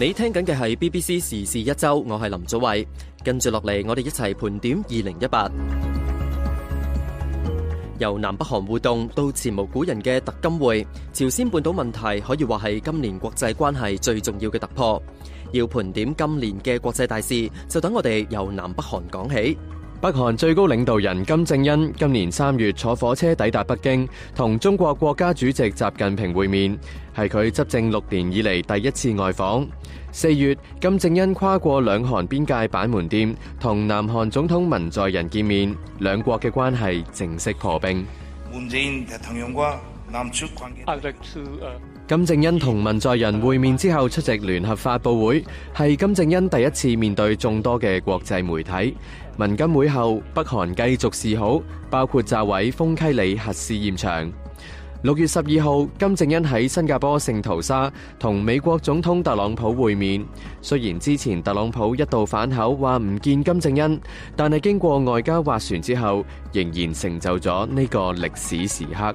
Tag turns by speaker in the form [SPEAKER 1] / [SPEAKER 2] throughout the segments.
[SPEAKER 1] 你聽緊嘅係 BBC 時事一周，我係林祖偉。跟住落嚟，我哋一齊盤點二零一八，由南北韓互動到前無古人嘅特金會，朝鮮半島問題可以話係今年國際關係最重要嘅突破。要盤點今
[SPEAKER 2] 年嘅國際大事，就等我哋由南北韓講起。北韓最高領導人金正恩今年三月坐火車抵達北京，同中國國家主席習近平會面，係佢執政六年以嚟第一次外訪。四月，金正恩跨過兩韓邊界板門店，同南韓總統文在寅見面，兩國嘅關係正式破冰。金正恩同文在寅會面之後出席聯合發布會，係金正恩第一次面對眾多嘅國際媒體。文金會後，北韓繼續示好，包括炸毀豐溪里核試驗場。六月十二號，金正恩喺新加坡聖淘沙同美國總統特朗普會面。雖然之前特朗普一度反口話唔見金正恩，但係經過外交斡旋之後，仍然成就咗呢個歷史時刻。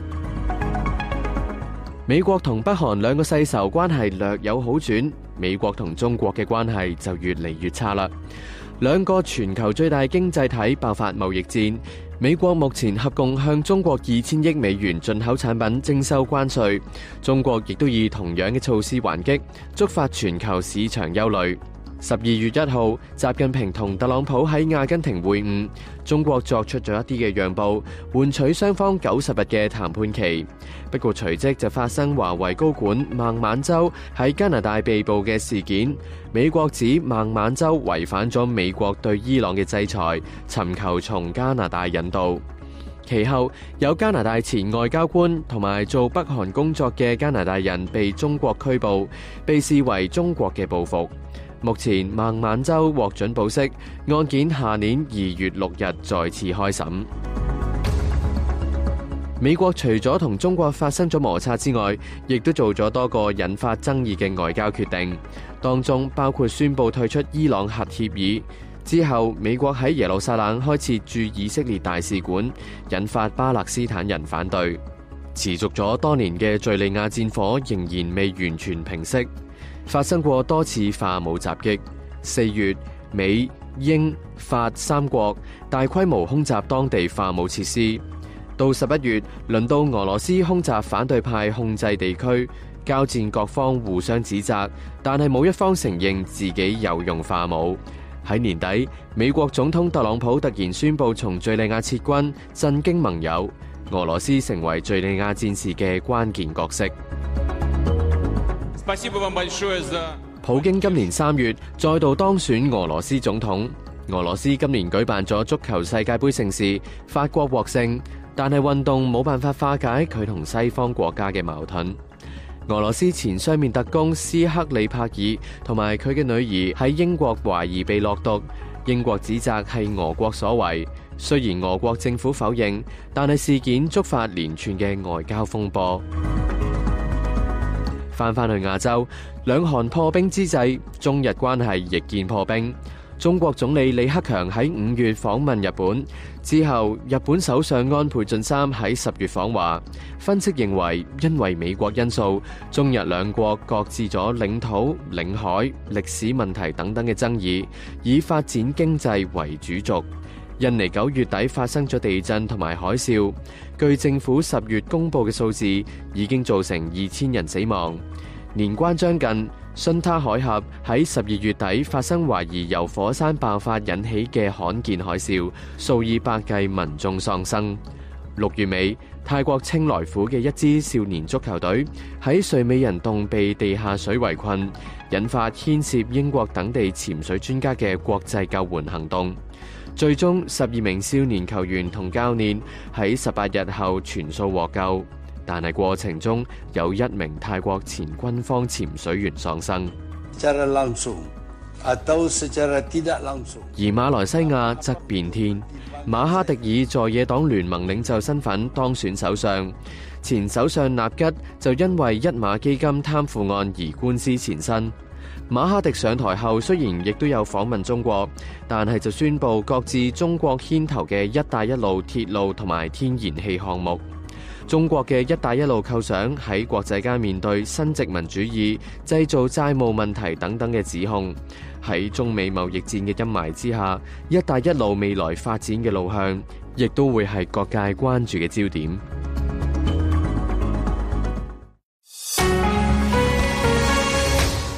[SPEAKER 2] 美國同北韓兩個世仇關係略有好轉，美國同中國嘅關係就越嚟越差啦。兩個全球最大經濟體爆發貿易戰，美國目前合共向中國二千億美元進口產品徵收關稅，中國亦都以同樣嘅措施還擊，觸發全球市場憂慮。十二月一號，習近平同特朗普喺阿根廷會晤，中國作出咗一啲嘅讓步，換取雙方九十日嘅談判期。不過隨即就發生華為高管孟晚舟喺加拿大被捕嘅事件，美國指孟晚舟違反咗美國對伊朗嘅制裁，尋求從加拿大引渡。其後有加拿大前外交官同埋做北韓工作嘅加拿大人被中國拘捕，被視為中國嘅報復。目前孟晚舟獲准保釋，案件下年二月六日再次開審。美國除咗同中國發生咗摩擦之外，亦都做咗多個引發爭議嘅外交決定，當中包括宣布退出伊朗核協議。之後，美國喺耶路撒冷開設駐以色列大使館，引發巴勒斯坦人反對。持續咗多年嘅敘利亞戰火仍然未完全平息，發生過多次化武襲擊。四月，美、英、法三國大規模空襲當地化武設施。到十一月，輪到俄羅斯空襲反對派控制地區。交戰各方互相指責，但係冇一方承認自己有用化武。喺年底，美國總統特朗普突然宣布從敘利亞撤軍，震驚盟友。俄羅斯成為敘利亞戰事嘅關鍵角色。普京今年三月再度當選俄羅斯總統。俄羅斯今年舉辦咗足球世界杯盛事，法國獲勝，但係運動冇辦法化解佢同西方國家嘅矛盾。俄羅斯前雙面特工斯克里帕爾同埋佢嘅女兒喺英國懷疑被落毒，英國指責係俄國所為。雖然俄國政府否認，但係事件觸發連串嘅外交風波。返返去亞洲，兩韓破冰之際，中日關係亦見破冰。中國總理李克強喺五月訪問日本之後，日本首相安倍晉三喺十月訪華，分析認為因為美國因素，中日兩國擱置咗領土、領海、歷史問題等等嘅爭議，以發展經濟為主軸。印尼九月底發生咗地震同埋海嘯，據政府十月公布嘅數字，已經造成二千人死亡。年關將近，巽他海峽喺十二月底發生懷疑由火山爆發引起嘅罕見海嘯，數以百計民眾喪生。六月尾，泰國清萊府嘅一支少年足球隊喺睡美人洞被地下水圍困，引發牽涉英國等地潛水專家嘅國際救援行動。最終，十二名少年球員同教練喺十八日後全數獲救，但係過程中有一名泰國前軍方潛水員喪生。而馬來西亞則變天，馬哈迪以在野黨聯盟領,領袖身份當選首相，前首相納吉就因為一馬基金貪腐案而官司纏身。馬哈迪上台後，雖然亦都有訪問中國，但係就宣布擱置中國牽頭嘅“一帶一路”鐵路同埋天然氣項目。中國嘅“一帶一路”構想喺國際間面對新殖民主義、製造債務問題等等嘅指控。喺中美貿易戰嘅陰霾之下，“一帶一路”未來發展嘅路向，亦都會係各界關注嘅焦點。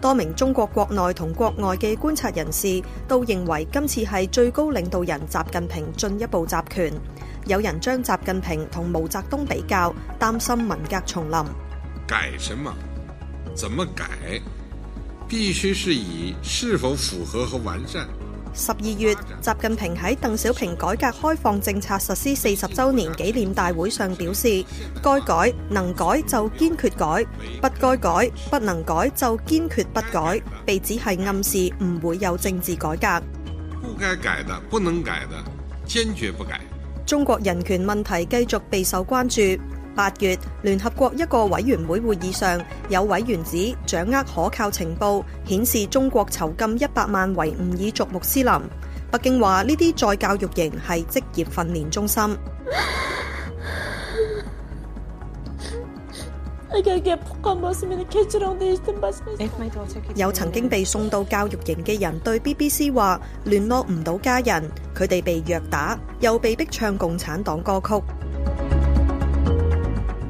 [SPEAKER 3] 多名中國國內同國外嘅觀察人士都認為今次係最高領導人習近平進一步集權，有人將習近平同毛澤東比較，擔心文革重臨。
[SPEAKER 2] 改什麼？怎麼改？必須是以是否符合和完善。
[SPEAKER 3] 十二月，習近平喺鄧小平改革開放政策實施四十周年紀念大會上表示：該改、能改就堅決改，不該改、不能改就堅決不改。被指係暗示唔會有政治改革。
[SPEAKER 1] 不該改的、不能改的，堅決不改。
[SPEAKER 3] 中國人權問題繼續備受關注。八月，聯合國一個委員會會議上，有委員指掌握可靠情報，顯示中國囚禁一百萬維吾爾族穆斯林。北京話呢啲再教育營係職業訓練中心。有曾經被送到教育營嘅人對 BBC 話聯絡唔到家人，佢哋被虐打，又被逼唱共產黨歌曲。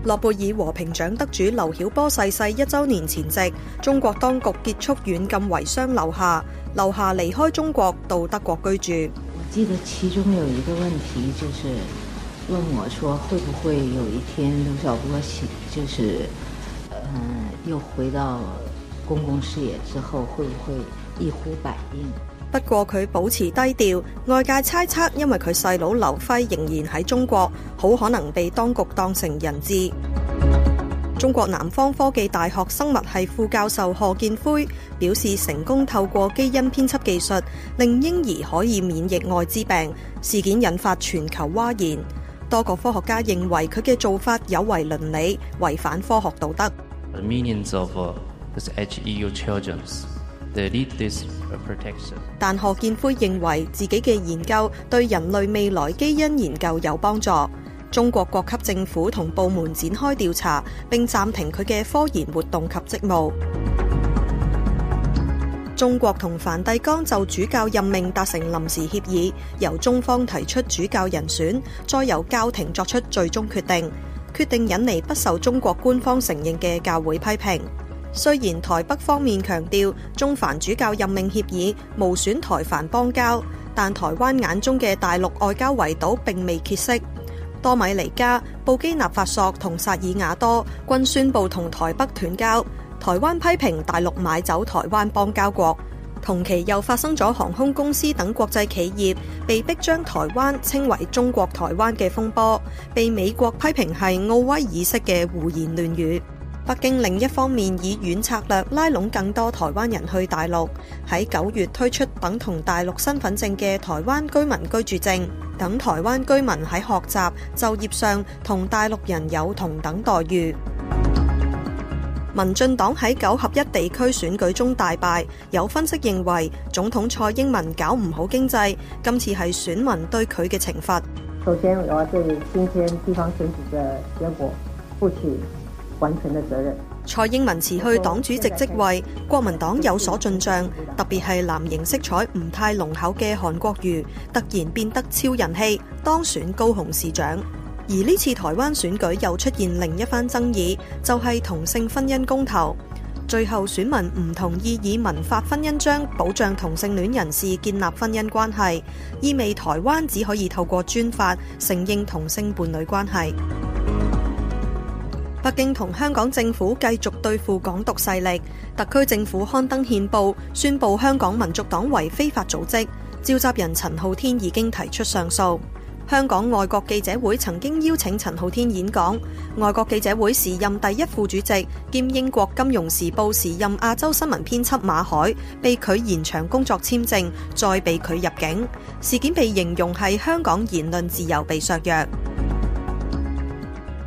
[SPEAKER 3] 諾貝爾和平獎得主劉曉波逝世一周年前夕，中國當局結束軟禁，遺孀留下，留下離開中國到德國居住。
[SPEAKER 2] 我記得其中有一個問題，就是問我說，會不會有一天劉曉波醒？就是又回到公共視野之後，會不會一呼百應？
[SPEAKER 3] 不過佢保持低調，外界猜測因為佢細佬劉輝仍然喺中國，好可能被當局當成人質。中國南方科技大學生物系副教授賀建輝表示，成功透過基因編輯技術令嬰兒可以免疫艾滋病事件，引發全球嘩然。多個科學家認為佢嘅做法有違倫理，違反科學道德。但賀建奎認為自己嘅研究對人類未來基因研究有幫助。中國各級政府同部門展開調查，並暫停佢嘅科研活動及職務。中國同梵蒂岡就主教任命達成臨時協議，由中方提出主教人選，再由教廷作出最終決定。決定引嚟不受中國官方承認嘅教會批評。雖然台北方面強調中梵主教任命協議無損台梵邦交，但台灣眼中嘅大陸外交圍堵並未歇息。多米尼加、布基納法索同薩爾瓦多均宣布同台北斷交。台灣批評大陸買走台灣邦交國，同期又發生咗航空公司等國際企業被迫將台灣稱為中國台灣嘅風波，被美國批評係奧威爾式嘅胡言亂語。北京另一方面以軟策略拉攏更多台灣人去大陸，喺九月推出等同大陸身份證嘅台灣居民居住證，等台灣居民喺學習、就業上同大陸人有同等待遇。民進黨喺九合一地區選舉中大敗，有分析認為總統蔡英文搞唔好經濟，今次係選民對佢嘅懲罰。首
[SPEAKER 1] 先，我要對今天地方選舉嘅結果負起。
[SPEAKER 3] 蔡英文辭去黨主席職位，國民黨有所進賬，特別係藍營色彩唔太濃厚嘅韓國瑜，突然變得超人氣當選高雄市長，而呢次台灣選舉又出現另一番爭議，就係、是、同性婚姻公投。最後選民唔同意以民法婚姻章保障同性戀人士建立婚姻關係，意味台灣只可以透過專法承認同性伴侶關係。北京同香港政府繼續對付港獨勢力，特區政府刊登憲報宣佈香港民族黨為非法組織。召集人陳浩天已經提出上訴。香港外國記者會曾經邀請陳浩天演講，外國記者會時任第一副主席兼英國金融時報時任亞洲新聞編輯馬凱被拒延長工作簽證，再被拒入境。事件被形容係香港言論自由被削弱。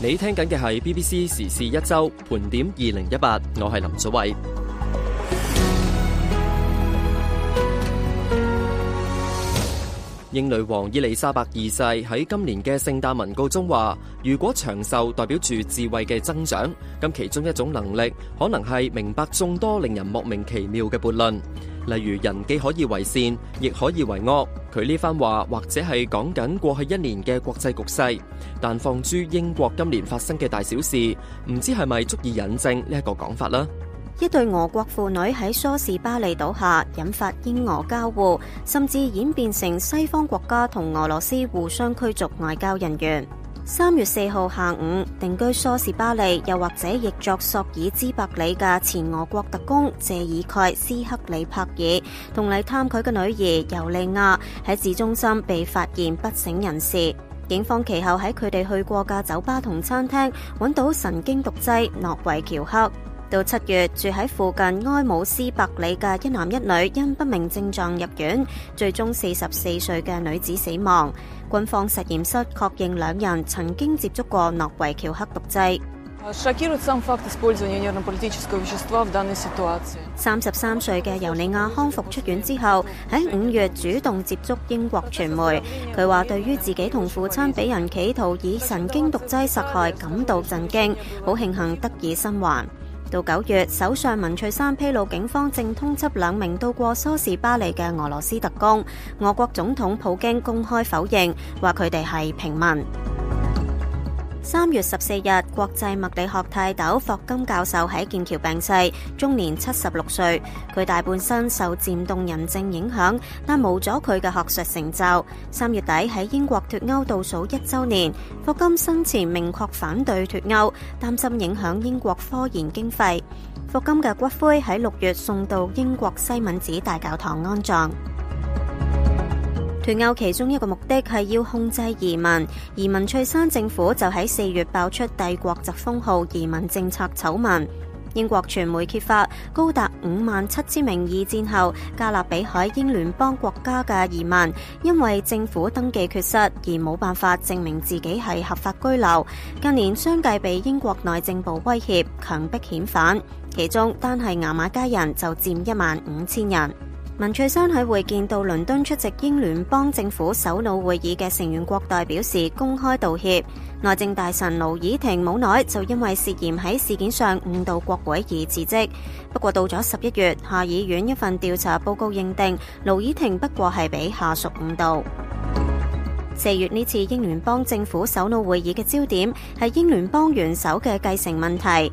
[SPEAKER 1] 你聽緊嘅係 BBC 時事一周盤點二零一八，我係林祖偉。英女王伊麗莎白二世喺今年嘅聖誕文告中話：「如果長壽代表住智慧嘅增長，咁其中一種能力可能係明白眾多令人莫名其妙嘅悖論。」例如人既可以為善，亦可以為惡，佢呢番話或者係講緊過去一年嘅國際局勢，但放諸英國今年發生嘅大小事，唔知係咪足以印證這呢一個講法啦？
[SPEAKER 4] 一對俄國父女喺梳士巴利倒下引發英俄交惡，甚至演變成西方國家同俄羅斯互相驅逐外交人員。三月四號下午，定居索士巴利，又或者譯作索爾茲伯里嘅前俄國特工謝爾蓋斯克里帕爾，同嚟探佢嘅女兒尤利亞喺市中心被發現不省人事，警方其後喺佢哋去過嘅酒吧同餐廳揾到神經毒劑諾維喬克。到七月，住喺附近埃姆斯伯里嘅一男一女因不明症狀入院，最終四十四歲嘅女子死亡。軍方實驗室確認兩人曾經接觸過諾維喬克毒劑。三十三歲嘅尤利亞康復出院之後，喺五月主動接觸英國傳媒，佢話對於自己同父親俾人企圖以神經毒劑殺害感到震驚，好慶幸得以生還。到九月，首相文翠珊披露警方正通緝兩名到過梳士巴利嘅俄羅斯特工，俄國總統普京公開否認，話佢哋係平民。三月十四日，國際物理學泰斗霍金教授喺劍橋病逝，終年七十六歲。佢大半生受漸凍人症影響，但冇咗佢嘅學術成就。三月底喺英國脱歐倒數一週年，霍金生前明確反對脱歐，擔心影響英國科研經費。霍金嘅骨灰喺六月送到英國西敏寺大教堂安葬。脱歐其中一個目的係要控制移民，移民翠山政府就喺四月爆出帝國疾風號移民政策醜聞。英國傳媒揭發，高達五萬七千名二戰後加勒比海英聯邦國家嘅移民，因為政府登記缺失而冇辦法證明自己係合法居留，近年相繼被英國內政部威脅強迫遣返，其中單係牙買加人就佔一萬五千人。文翠珊喺會見到倫敦出席英聯邦政府首腦會議嘅成員國代表時，公開道歉。內政大臣盧爾廷冇耐就因為涉嫌喺事件上誤導國會而辭職。不過到咗十一月，下議院一份調查報告認定盧爾廷不過係俾下屬誤導。四月呢次英聯邦政府首腦會議嘅焦點係英聯邦元首嘅繼承問題。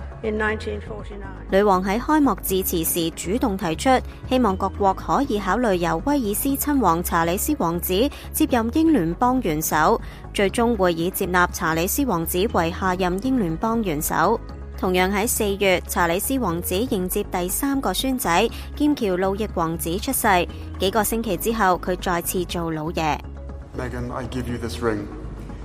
[SPEAKER 4] 女王喺開幕致辭時主動提出，希望各國可以考慮由威爾斯親王查理斯王子接任英聯邦元首，最終會以接納查理斯王子為下任英聯邦元首。同樣喺四月，查理斯王子迎接第三個孫仔劍橋路易王子出世，幾個星期之後，佢再次做老爺。
[SPEAKER 1] Meghan, I give you this ring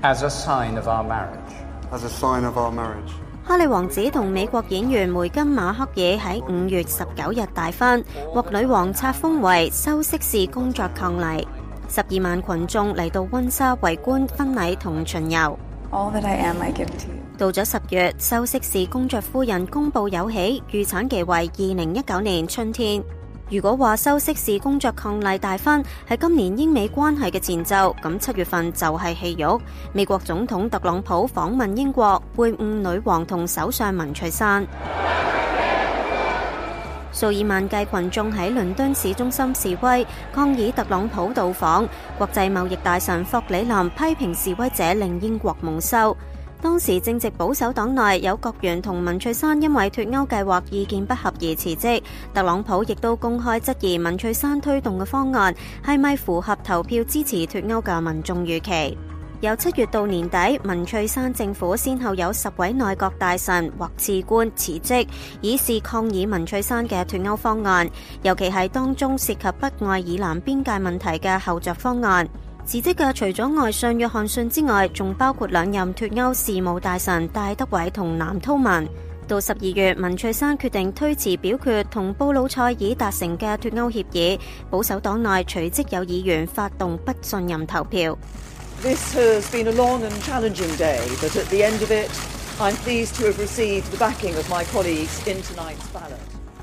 [SPEAKER 1] as a sign of our marriage. As a sign of our marriage.
[SPEAKER 4] 哈利王子同美國演員梅根·馬克爾喺五月十九日大婚，獲女王冊封為修適士公爵伉儷。十二萬群眾嚟到溫莎圍觀婚禮同巡遊。到咗十月，修適士公爵夫人公佈有喜，預產期為二零一九年春天。如果話收息是工作抗力大婚，係今年英美關係嘅前奏，咁七月份就係戲肉。美國總統特朗普訪問英國，會晤女王同首相文翠珊。數以萬計群眾喺倫敦市中心示威，抗議特朗普到訪，國際貿易大臣霍里南批評示威者令英國蒙羞。當時正值保守黨內有閣員同文翠山因為脫歐計劃意見不合而辭職，特朗普亦都公開質疑文翠山推動嘅方案係咪符合投票支持脫歐嘅民眾預期。由七月到年底，文翠山政府先後有十位內閣大臣或次官辭職，以示抗議文翠山嘅脫歐方案，尤其係當中涉及北愛爾蘭邊界問題嘅後續方案。辭職嘅除咗外相約翰遜之外，仲包括兩任脫歐事務大臣戴德偉同藍韜文。到十二月，文翠珊決定推遲表決同布魯塞爾達成嘅脫歐協議，保守黨內隨即有議員發動不信任投票。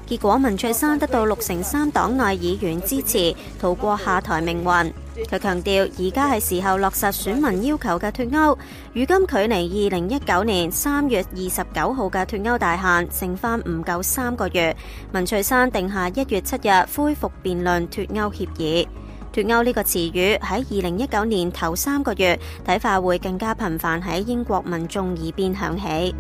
[SPEAKER 4] 結果，文翠山得到六成三黨內議員支持，逃過下台命運。佢強調，而家係時候落實選民要求嘅脱歐。如今距離二零一九年三月二十九號嘅脱歐大限剩返唔夠三個月，文翠山定下一月七日恢復辯論脱歐協議。脱歐呢個詞語喺二零一九年頭三個月睇法會更加頻繁喺英國民眾耳邊響起。